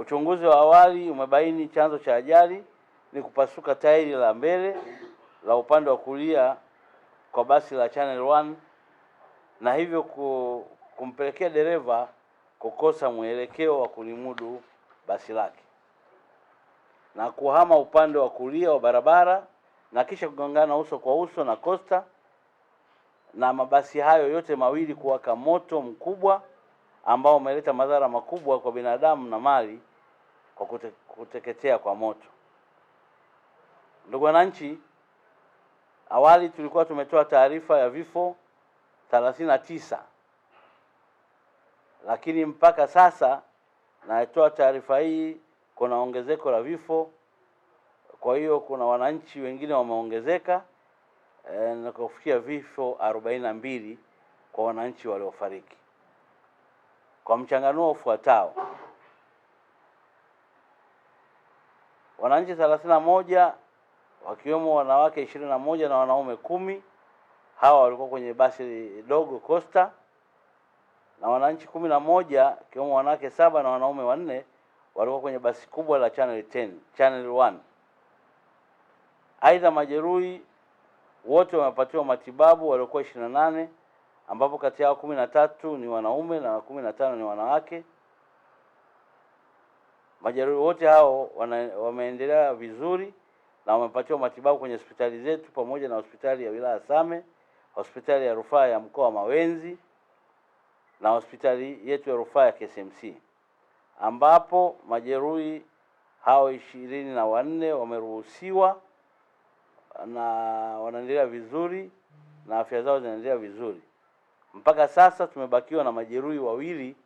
Uchunguzi wa awali umebaini chanzo cha ajali ni kupasuka tairi la mbele la upande wa kulia kwa basi la Channel One na hivyo kumpelekea dereva kukosa mwelekeo wa kulimudu basi lake na kuhama upande wa kulia wa barabara na kisha kugongana uso kwa uso na kosta na mabasi hayo yote mawili kuwaka moto mkubwa ambao umeleta madhara makubwa kwa binadamu na mali kwa kute, kuteketea kwa moto. Ndugu wananchi, awali tulikuwa tumetoa taarifa ya vifo tisa lakini mpaka sasa natoa taarifa hii, kuna ongezeko la vifo. Kwa hiyo kuna wananchi wengine wameongezeka e, na kufikia vifo arobaini na mbili kwa wananchi waliofariki kwa mchanganuo ufuatao. wananchi thelathini na moja wakiwemo wanawake ishirini na moja na wanaume kumi. Hawa walikuwa kwenye basi dogo Costa, na wananchi kumi na moja wakiwemo wanawake saba na wanaume wanne walikuwa kwenye basi kubwa la Channel 10, Channel 1. Aidha, majeruhi wote wamepatiwa matibabu waliokuwa nane ambapo kati yao kumi na tatu ni wanaume na kumi na tano ni wanawake. Majeruhi wote hao wameendelea vizuri na wamepatiwa matibabu kwenye hospitali zetu pamoja na hospitali ya wilaya Same, hospitali ya rufaa ya mkoa wa Mawenzi na hospitali yetu ya rufaa ya KCMC ambapo majeruhi hao ishirini na wanne wameruhusiwa na wanaendelea vizuri na afya zao zinaendelea vizuri. Mpaka sasa tumebakiwa na majeruhi wawili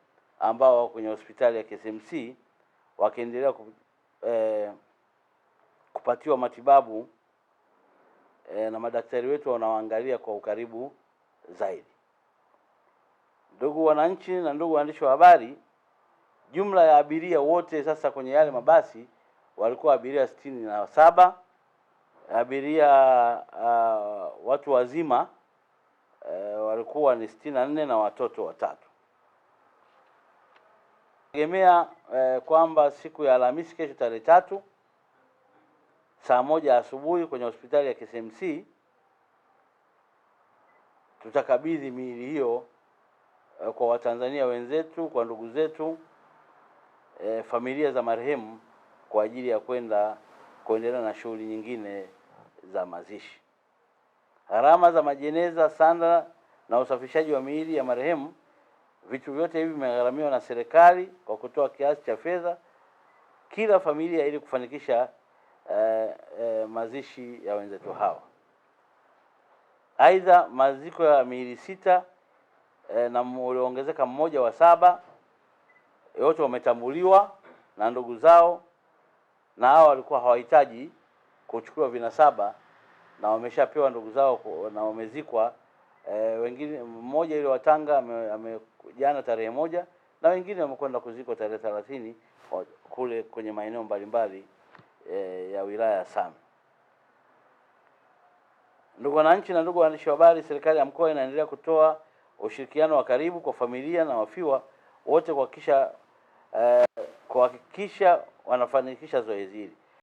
ambao wako kwenye hospitali ya KCMC wakiendelea ku, eh, kupatiwa matibabu eh, na madaktari wetu wanawaangalia kwa ukaribu zaidi. Ndugu wananchi na ndugu waandishi wa habari, jumla ya abiria wote sasa kwenye yale mabasi walikuwa abiria sitini na saba abiria uh, watu wazima uh, walikuwa ni sitini na nne na watoto watatu tegemea eh, kwamba siku ya Alhamisi kesho tarehe tatu saa moja asubuhi kwenye hospitali ya KCMC tutakabidhi miili hiyo eh, kwa Watanzania wenzetu, kwa ndugu zetu eh, familia za marehemu kwa ajili ya kwenda kuendelea na shughuli nyingine za mazishi. Gharama za majeneza, sanda na usafishaji wa miili ya marehemu Vitu vyote hivi vimegharamiwa na serikali kwa kutoa kiasi cha fedha kila familia ili kufanikisha eh, eh, mazishi ya wenzetu hawa. Aidha, maziko ya miili sita eh, na ulioongezeka mmoja wa saba, wote wametambuliwa na ndugu zao, na hao walikuwa hawahitaji kuchukua vinasaba na wameshapewa ndugu zao na wamezikwa. Eh, wengine mmoja ile wa Tanga ame, ame jana tarehe moja na wengine wamekwenda kuzikwa tarehe thelathini kule kwenye maeneo mbalimbali e, ya wilaya ya Same. Ndugu wananchi na ndugu waandishi wa habari, serikali ya mkoa inaendelea kutoa ushirikiano wa karibu kwa familia na wafiwa wote kuhakikisha e, kuhakikisha wanafanikisha zoezi hili.